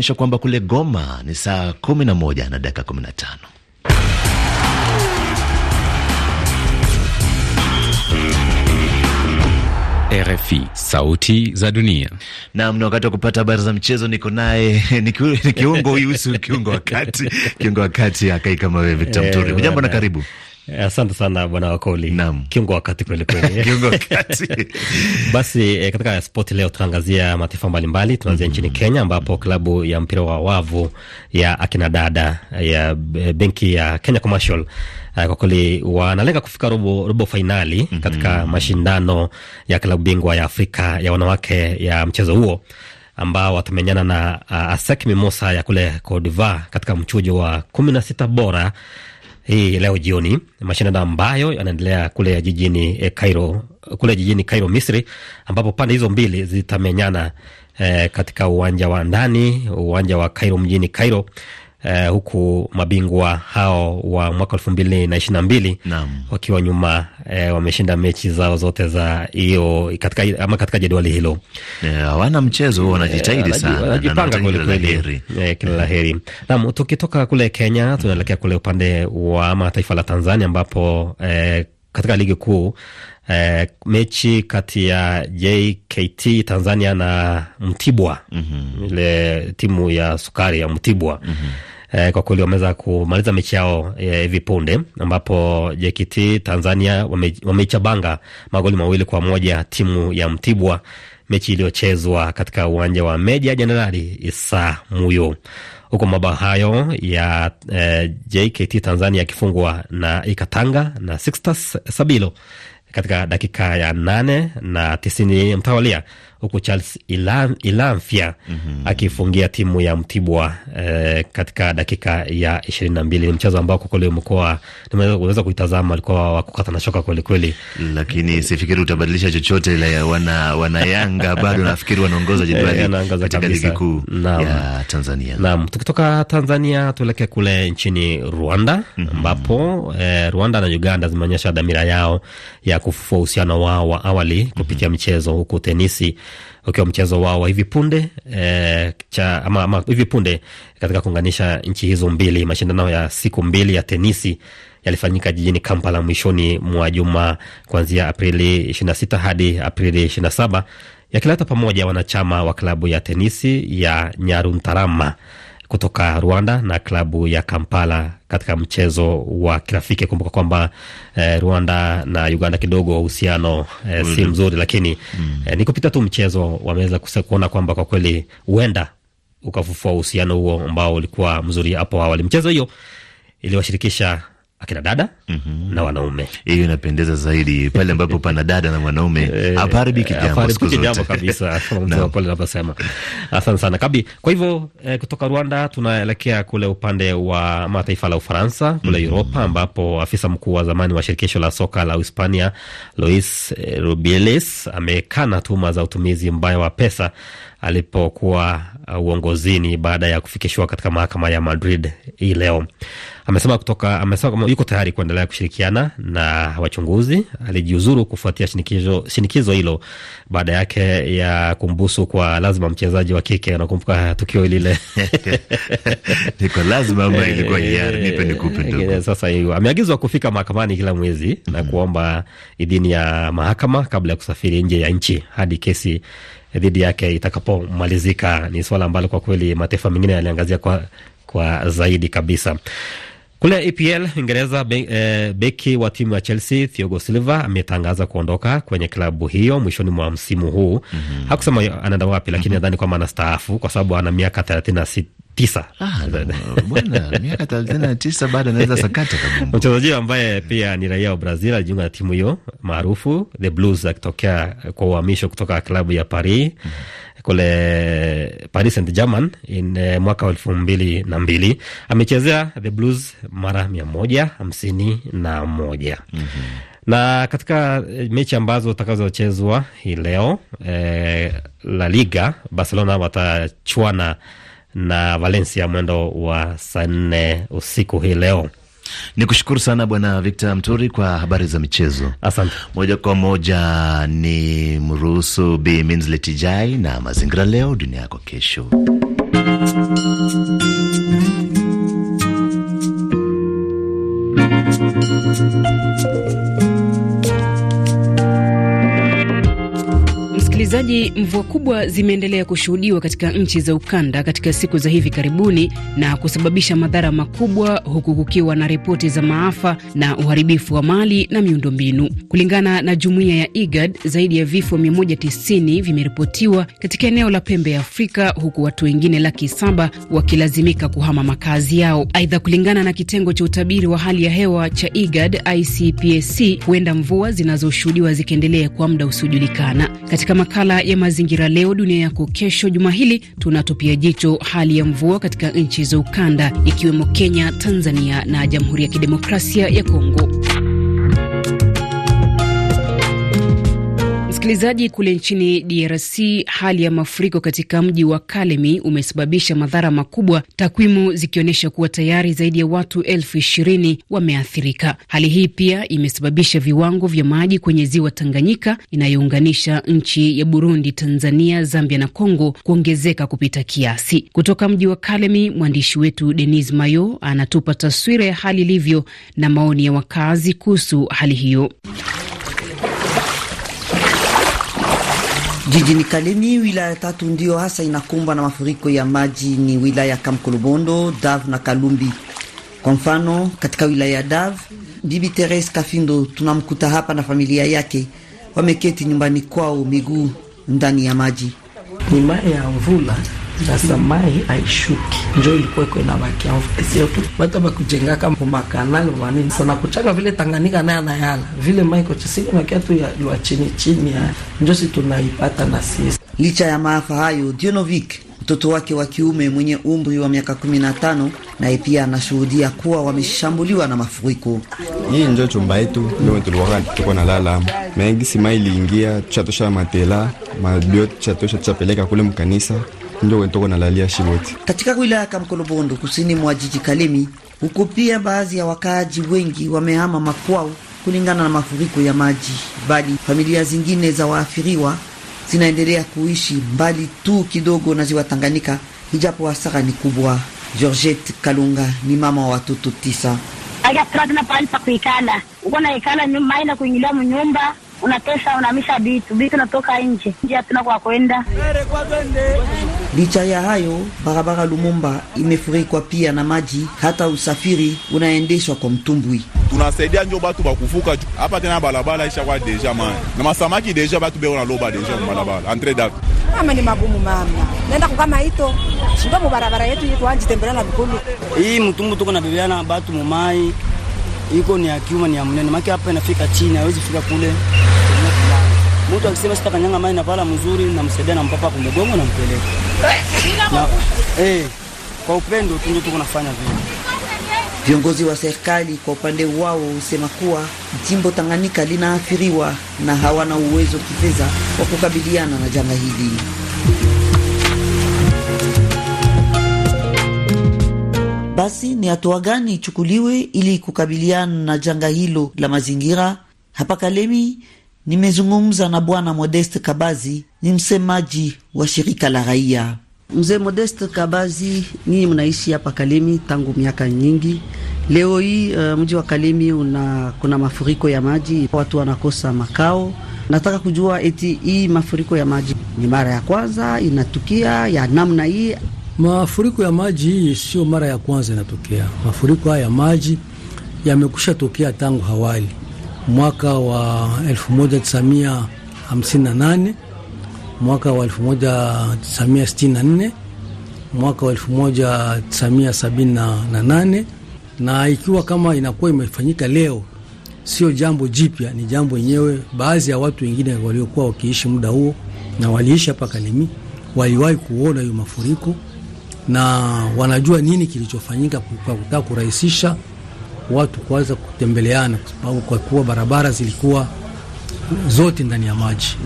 inaonyesha kwamba kule Goma ni saa 11 na dakika 15. RFI, sauti za dunia. Naam, ni wakati wa kupata habari za mchezo. Niko naye ni kiungo huyu, kiungo wakati, kiungo wakati akai kama wewe Victor Mturi. Jambo na karibu. Eh, asante sana bwana Wakoli, kiungo wakati kweli kweli basi eh, katika spoti leo tunaangazia mataifa mbalimbali, tunaanzia mm -hmm. nchini Kenya ambapo mm-hmm. klabu ya mpira wa wavu ya akina dada ya eh, benki ya Kenya Commercial eh, kwa kweli wanalenga kufika robo, robo fainali mm -hmm. katika mashindano ya klabu bingwa ya Afrika ya wanawake ya mchezo huo ambao watamenyana na uh, ASEC Mimosa ya kule Cote d'Ivoire katika mchujo wa kumi na sita bora hii leo jioni, mashindano ambayo yanaendelea kule jijini eh, Cairo, kule jijini Cairo Misri, ambapo pande hizo mbili zitamenyana eh, katika uwanja wa ndani, uwanja wa Cairo mjini Cairo Uh, huku mabingwa hao wa mwaka elfu mbili na ishirini na mbili wakiwa nyuma uh, wameshinda mechi zao zote za hiyo katika, ama katika jedwali hilo eh, hawana mchezo wanajitahidi sana, wanajipanga kwelikweli, kila la heri. nam. tukitoka kule Kenya tunaelekea kule upande wa ama taifa la Tanzania ambapo eh, katika ligi kuu eh, mechi kati ya JKT Tanzania na Mtibwa mm -hmm. ile timu ya sukari ya Mtibwa mm -hmm eh, kwa kweli wameweza kumaliza mechi yao eh, hivi eh, punde ambapo JKT Tanzania wameichabanga wame magoli mawili kwa moja timu ya Mtibwa, mechi iliyochezwa katika uwanja wa Meja Jenerali Isa Muyo, huku mabao hayo ya eh, JKT Tanzania yakifungwa na Ikatanga na Sixtus Sabilo katika dakika ya nane na tisini mtawalia huku Charles Ilan, Ilanfia mm -hmm. akifungia timu ya Mtibwa eh, katika dakika ya ishirini na mbili. Ni mchezo ambao kwa kweli umekuwa unaweza kuitazama, alikuwa wakukata na shoka kwelikweli, lakini sifikiri utabadilisha chochote la wana, wana Yanga bado nafikiri wanaongoza eh, jedwali katika ligi kuu ya Tanzania. Naam, tukitoka Tanzania tuelekee kule nchini Rwanda mhm. ambapo mm -hmm. eh, Rwanda na Uganda zimeonyesha dhamira yao ya kufufua uhusiano wao wa awali kupitia mm -hmm. michezo huku tenisi ukiwa mchezo wao wa hivi punde e, cha, ama, ama, hivi punde katika kuunganisha nchi hizo mbili. Mashindano ya siku mbili ya tenisi yalifanyika jijini Kampala mwishoni mwa juma kuanzia Aprili 26 hadi Aprili 27 yakileta pamoja wanachama wa klabu ya tenisi ya Nyaruntarama kutoka Rwanda na klabu ya Kampala katika mchezo wa kirafiki. Kumbuka kwamba eh, Rwanda na Uganda kidogo uhusiano eh, si mm-hmm. mzuri, lakini mm. eh, ni kupita tu mchezo wameweza kuona kwamba kwa kweli huenda ukafufua uhusiano huo ambao ulikuwa mzuri hapo awali. Mchezo hiyo iliwashirikisha akina dada mm -hmm. na wanaume. Hiyo inapendeza zaidi pale ambapo pana dada na mwanaume, eh, haparibiki jambo kabisa no. pale navyosema. Asante sana Kabi. Kwa hivyo eh, kutoka Rwanda tunaelekea kule upande wa mataifa la Ufaransa kule mm -hmm. Uropa ambapo afisa mkuu wa zamani wa shirikisho la soka la Uhispania Luis eh, Rubiales amekana tuhuma za utumizi mbaya wa pesa alipokuwa uh, uongozini baada ya kufikishwa katika mahakama ya Madrid hii leo. Amesema kutoka amesema kama yuko tayari kuendelea kushirikiana na wachunguzi. Alijiuzuru kufuatia shinikizo shinikizo hilo baada yake ya kumbusu kwa lazima mchezaji wa kike. Nakumbuka tukio lile niko lazima ambayo ilikuwa eh, hiari, nipe nikupe ndugu. Eh, sasa hiyo ameagizwa kufika mahakamani kila mwezi mm -hmm. na kuomba idhini ya mahakama kabla ya kusafiri nje ya nchi hadi kesi dhidi yake itakapomalizika. Ni swala ambalo kwa kweli mataifa mengine yaliangazia kwa, kwa zaidi kabisa. Kule EPL Uingereza, be, e, beki wa timu ya Chelsea Thiago Silva ametangaza kuondoka kwenye klabu hiyo mwishoni mwa msimu huu. mm -hmm. Hakusema anaenda wapi, lakini mhm. nadhani mm -hmm. kwamba anastaafu kwa sababu ana miaka thelathini tisa ah, bwana, miaka thelathini na tisa bado anaweza sakata kabumbu. Mchezaji ambaye pia ni raia wa Brazil alijiunga na timu hiyo maarufu the Blues akitokea kwa uhamisho kutoka klabu ya Paris mm -hmm. kule Paris Saint German in eh, mwaka wa elfu mbili na mbili amechezea the Blues mara mia moja hamsini na moja mm -hmm na katika eh, mechi ambazo utakazochezwa hii leo eh, La Liga, Barcelona watachuana na Valencia mwendo wa saa nne usiku hii leo. Ni kushukuru sana Bwana Victor Mturi kwa habari za michezo. Asante. Moja kwa moja ni mruhusu Bi na mazingira leo, dunia yako kesho. Msikilizaji, mvua kubwa zimeendelea kushuhudiwa katika nchi za ukanda katika siku za hivi karibuni na kusababisha madhara makubwa, huku kukiwa na ripoti za maafa na uharibifu wa mali na miundombinu. Kulingana na jumuiya ya IGAD, zaidi ya vifo 190 vimeripotiwa katika eneo la pembe ya Afrika, huku watu wengine laki saba wakilazimika kuhama makazi yao. Aidha, kulingana na kitengo cha utabiri wa hali ya hewa cha IGAD ICPSC, huenda mvua zinazoshuhudiwa zikiendelea kwa muda usiojulikana. Katika makala ya mazingira leo dunia yako kesho. Juma hili tunatupia jicho hali ya mvua katika nchi za ukanda ikiwemo Kenya, Tanzania na Jamhuri ya Kidemokrasia ya Kongo. Msikilizaji, kule nchini DRC hali ya mafuriko katika mji wa Kalemi umesababisha madhara makubwa, takwimu zikionyesha kuwa tayari zaidi ya watu elfu ishirini wameathirika. Hali hii pia imesababisha viwango vya maji kwenye ziwa Tanganyika inayounganisha nchi ya Burundi, Tanzania, Zambia na Kongo kuongezeka kupita kiasi. Kutoka mji wa Kalemi, mwandishi wetu Denis Mayo anatupa taswira ya hali ilivyo na maoni ya wakazi kuhusu hali hiyo. Jijini Kalemi, wilaya tatu ndiyo hasa inakumbwa na mafuriko ya maji ni wilaya Kamkolobondo, Dav na Kalumbi. Kwa mfano, katika wilaya ya Dav, Bibi Teres Kafindo tunamkuta hapa na familia yake, wameketi nyumbani kwao, miguu ndani ya maji. Ni mara ya mvula za samai aishuki njo ilikuwa iko na bakiamvu sio tu watu bakujenga kama makanali manini sana kuchanga vile Tanganyika naye anayala vile maiko chisiko na kiatu ya lwa chini chini ya njo si tunaipata na sisi. Licha ya maafa hayo, Dionovic mtoto wake wa kiume mwenye umri wa miaka 15 naye pia anashuhudia kuwa wameshambuliwa na mafuriko. Hii njo chumba yetu ndio tuliwaka tuko na lala mengi sima iliingia, tushatosha matela mabiot chatosha tushapeleka kule mkanisa ndio wentoko nalalia shimoti katika wilaya ya Kamkolobondo kusini mwa jiji Kalemi. Huko pia baadhi ya wakaaji wengi wamehama makwao kulingana na mafuriko ya maji, bali familia zingine za waathiriwa zinaendelea kuishi mbali tu kidogo na ziwa Tanganyika, ijapo hasara ni kubwa. Georgette Kalunga ni mama wa watoto tisa. Hatuna pahali pa kuikala, uko naikala mai na kuingilia mnyumba, unatesa unamisha vitu vitu, natoka nje nje, hatuna kwa kwenda Licha ya hayo, barabara Lumumba imefurikwa pia na maji, hata usafiri unaendeshwa kwa mtumbwi. Tunasaidia njo batu bakuvuka hapa, tena balabala ishakuwa deja mai na masamaki deja, batu beona loba deja kubalabala entre dat ama ni magumu mama, naenda kukama hito shiba mubarabara yetu itwajitembelana vikulu hii mtumbu tuko na bibiana batu mumai iko ni ya kiuma ni ya mnene maki hapa inafika chini, hawezi fika kule Mtu akisema sita kanyanga maji na pala mzuri, namsaidia na mpapa kumgongo na mpeleka. Na, eh, kwa upendo tu ndio tuko nafanya vile. Viongozi wa serikali kwa upande wao husema kuwa jimbo Tanganyika linaathiriwa na hawana uwezo kifedha wa kukabiliana na janga hili. Basi ni hatua gani ichukuliwe ili kukabiliana na janga hilo la mazingira? Hapa Kalemi, Nimezungumza na Bwana Modeste Kabazi, ni msemaji wa shirika la raia. Mzee Modeste Kabazi, ninyi mnaishi hapa Kalemi tangu miaka nyingi. Leo hii uh, mji wa Kalemi una kuna mafuriko ya maji, watu wanakosa makao. Nataka kujua eti hii mafuriko ya maji ni mara ya kwanza inatukia ya namna hii? Mafuriko ya maji hii sio mara ya kwanza inatokea. Mafuriko haya ya maji yamekusha tokea tangu hawali mwaka wa 1958, mwaka wa 1964, mwaka wa 1978 na ikiwa kama inakuwa imefanyika leo, sio jambo jipya, ni jambo yenyewe. Baadhi ya watu wengine waliokuwa wakiishi muda huo na waliishi hapa Kalemi waliwahi kuona hiyo mafuriko na wanajua nini kilichofanyika kwa kutaka kurahisisha watu kuanza kutembeleana, kwa sababu kwa kuwa barabara zilikuwa zote ndani ya maji.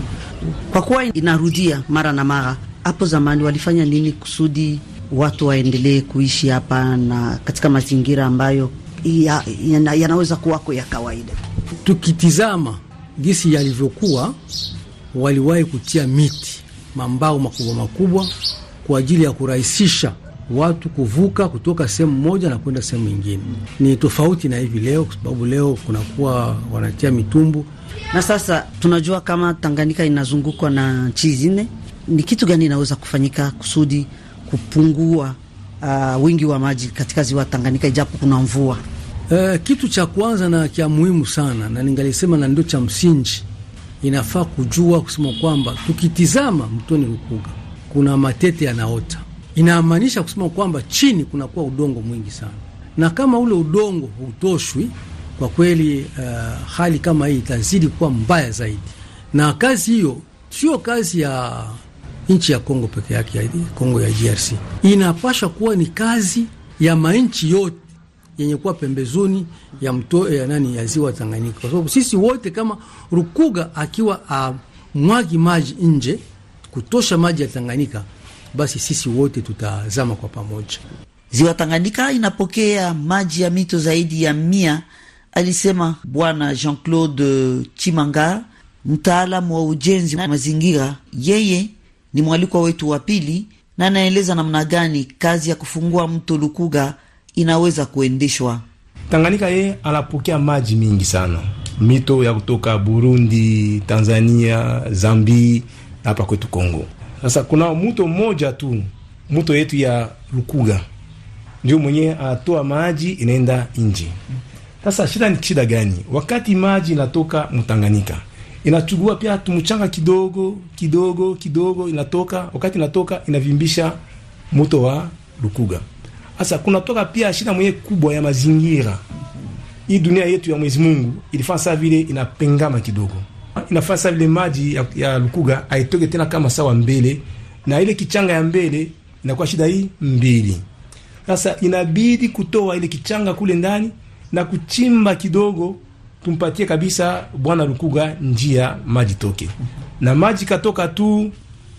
Kwa kuwa inarudia mara na mara, hapo zamani walifanya nini kusudi watu waendelee kuishi hapa na katika mazingira ambayo yanaweza ya, ya, yanaweza kuwako ya kawaida? Tukitizama gisi yalivyokuwa, waliwahi kutia miti mambao makubwa makubwa kwa ajili ya kurahisisha watu kuvuka kutoka sehemu moja na kwenda sehemu nyingine. Ni tofauti na hivi leo, kwa sababu leo kunakuwa wanatia mitumbu. Na sasa tunajua kama Tanganyika inazungukwa na nchi zine, ni kitu gani inaweza kufanyika kusudi kupungua uh, wingi wa maji katika ziwa Tanganyika ijapo kuna mvua? Uh, kitu cha kwanza na cha muhimu sana na ningalisema na ndio cha msingi, inafaa kujua kusema kwamba tukitizama mtoni Rukuga kuna matete yanaota inamaanisha kusema kwamba chini kunakuwa udongo mwingi sana, na kama ule udongo hutoshwi kwa kweli uh, hali kama hii itazidi kuwa mbaya zaidi. Na kazi hiyo sio kazi ya nchi ya Kongo peke yake, Kongo ya DRC, inapashwa kuwa ni kazi ya manchi yote yenye kuwa pembezoni ya mto eh, ya nani ya ziwa Tanganyika, kwa sababu sisi wote kama Rukuga akiwa amwagi uh, maji nje kutosha maji ya Tanganyika basi sisi wote tutazama kwa pamoja. Ziwa Tanganyika inapokea maji ya mito zaidi ya mia, alisema Bwana Jean-Claude Chimanga, mtaalamu wa ujenzi wa mazingira. Yeye ni mwalikwa wetu wa pili na anaeleza namna gani kazi ya kufungua mto Lukuga inaweza kuendeshwa. Tanganyika yeye anapokea maji mingi sana, mito ya kutoka Burundi, Tanzania, Zambi na hapa kwetu Kongo sasa kuna mto mmoja tu, mto yetu ya Rukuga ndio mwenye atoa maji inaenda nje. Sasa shida ni shida gani? Wakati maji inatoka Mtanganyika inachugua pia tumchanga kidogo kidogo kidogo, inatoka wakati inatoka inavimbisha mto wa Rukuga. Sasa kuna toka pia shida mwenye kubwa ya mazingira. Hii dunia yetu ya Mwenyezi Mungu ilifanya vile inapengama kidogo inafasa vile maji ya, ya Lukuga aitoke tena kama sawa mbele, na ile kichanga ya mbele inakuwa shida hii mbili. Sasa inabidi kutoa ile kichanga kule ndani na kuchimba kidogo, tumpatie kabisa bwana Lukuga njia maji toke. Na maji katoka tu,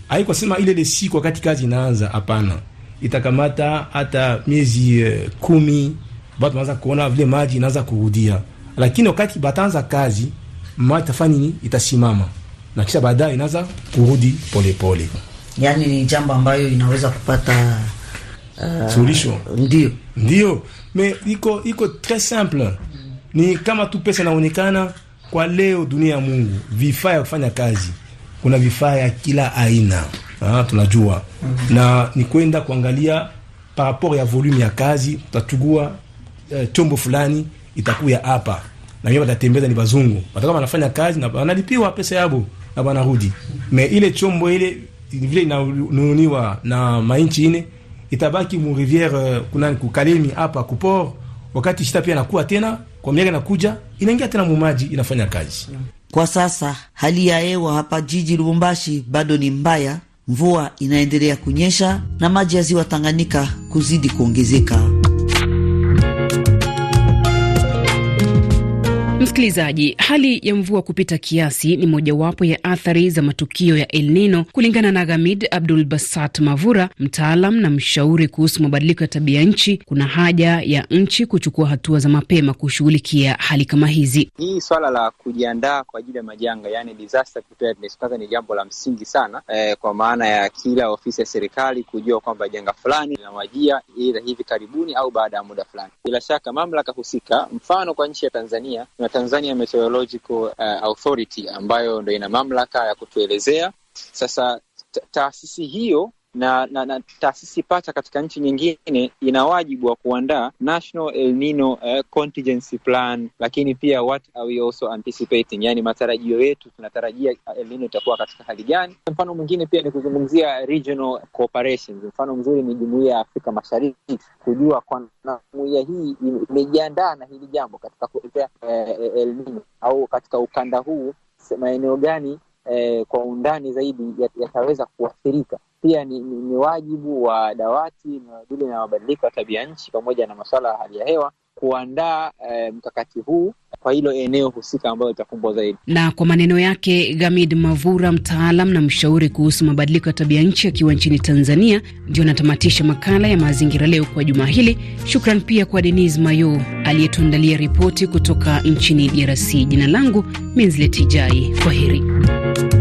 haiko sema ile ile siku wakati kazi inaanza, hapana, itakamata hata miezi eh, kumi, bado tunaanza kuona vile maji inaanza kurudia, lakini wakati bataanza kazi ma itafanya nini, itasimama na kisha baadaye inaanza kurudi polepole. Yani ni jambo ambayo inaweza kupata uh, suluhisho. Ndio, ndio me iko iko tres simple, ni kama tu pesa inaonekana kwa leo. Dunia ya Mungu, vifaa ya kufanya kazi, kuna vifaa ya kila aina ah, tunajua mm -hmm. na ni kwenda kuangalia par rapport ya volume ya kazi, tutachukua eh, chombo fulani itakuya hapa na wengine watatembeza ni wazungu, watakuwa wanafanya kazi na wanalipiwa pesa yabo na wanarudi. Me ile chombo ile vile inanunuliwa na mainchi ine itabaki mu riviere eh, kuna kukalemi hapa kuport, wakati shita pia nakuwa tena kwa miaka inakuja inaingia tena mumaji inafanya kazi. Kwa sasa hali ya hewa hapa jiji Lubumbashi bado ni mbaya, mvua inaendelea kunyesha na maji ya ziwa Tanganyika kuzidi kuongezeka. Msikilizaji, hali ya mvua kupita kiasi ni mojawapo ya athari za matukio ya El Nino kulingana na Ghamid Abdul Basat Mavura, mtaalam na mshauri kuhusu mabadiliko ya tabia nchi. Kuna haja ya nchi kuchukua hatua za mapema kushughulikia hali kama hizi. Hii swala la kujiandaa kwa ajili ya majanga, yani disaster preparedness, kwanza ni jambo la msingi sana eh, kwa maana ya kila ofisi ya serikali kujua kwamba janga fulani linawajia ila hivi karibuni au baada ya muda fulani. Bila shaka mamlaka husika, mfano kwa nchi ya Tanzania kuna Tanzania Meteorological uh, Authority ambayo ndo ina mamlaka ya kutuelezea. Sasa taasisi hiyo na, na, na taasisi pacha katika nchi nyingine ina wajibu wa kuandaa National El Nino uh, Contingency Plan, lakini pia what are we also anticipating, yani matarajio yetu, tunatarajia El Nino itakuwa katika hali gani? Mfano mwingine pia ni kuzungumzia regional cooperations. Mfano mzuri ni jumuia ya Afrika Mashariki, kujua kwamba hii imejiandaa na hili jambo katika kuelezea uh, eh, El Nino au katika ukanda huu maeneo gani uh, kwa undani zaidi yataweza kuathirika pia ni, ni, ni wajibu wa dawati inayodili na mabadiliko ya tabia nchi pamoja na masuala ya hali ya hewa kuandaa eh, mkakati huu kwa hilo eneo husika ambayo itakumbwa zaidi. Na kwa maneno yake Gamid Mavura, mtaalam na mshauri kuhusu mabadiliko ya tabia nchi akiwa nchini Tanzania, ndio anatamatisha makala ya mazingira leo kwa juma hili. Shukran pia kwa Denis Mayo aliyetuandalia ripoti kutoka nchini DRC. Jina langu Minzletijai, kwa heri.